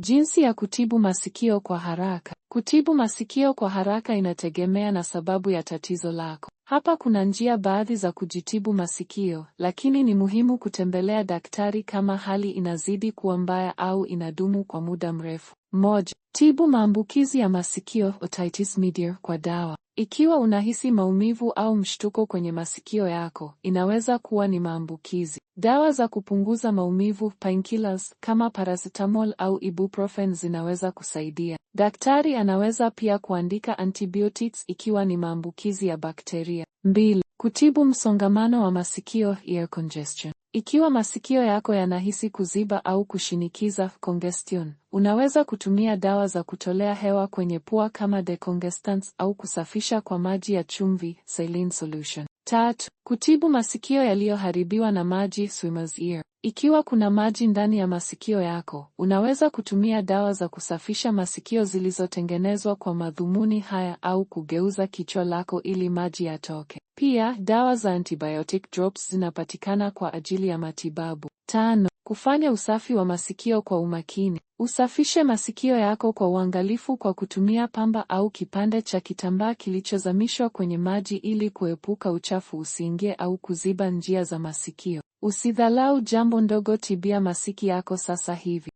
Jinsi ya kutibu masikio kwa haraka. Kutibu masikio kwa haraka inategemea na sababu ya tatizo lako. Hapa kuna njia baadhi za kujitibu masikio, lakini ni muhimu kutembelea daktari kama hali inazidi kuwa mbaya au inadumu kwa muda mrefu. Moja, tibu maambukizi ya masikio otitis media kwa dawa. Ikiwa unahisi maumivu au mshtuko kwenye masikio yako, inaweza kuwa ni maambukizi. Dawa za kupunguza maumivu painkillers kama paracetamol au ibuprofen zinaweza kusaidia. Daktari anaweza pia kuandika antibiotics ikiwa ni maambukizi ya bakteria. Mbili, kutibu msongamano wa masikio ear congestion. Ikiwa masikio yako yanahisi kuziba au kushinikiza congestion, unaweza kutumia dawa za kutolea hewa kwenye pua kama decongestants au kusafisha kwa maji ya chumvi saline solution. Tatu, kutibu masikio yaliyoharibiwa na maji swimmer's ear. Ikiwa kuna maji ndani ya masikio yako, unaweza kutumia dawa za kusafisha masikio zilizotengenezwa kwa madhumuni haya au kugeuza kichwa lako ili maji yatoke. Pia, dawa za antibiotic drops zinapatikana kwa ajili ya matibabu. Tano, Kufanya usafi wa masikio kwa umakini. Usafishe masikio yako kwa uangalifu kwa kutumia pamba au kipande cha kitambaa kilichozamishwa kwenye maji ili kuepuka uchafu usiingie au kuziba njia za masikio. Usidhalau jambo ndogo, tibia masiki yako sasa hivi.